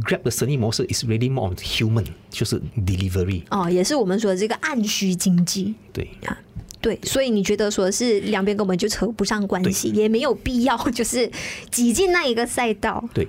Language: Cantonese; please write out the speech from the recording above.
Grab 的生意模式 is really more of human，就是 delivery。哦，也是我們說的這個按需經濟。對，yeah. 對，所以你覺得說是兩邊根本就扯不上關係，對也沒有必要，就是擠進那一個賽道。對。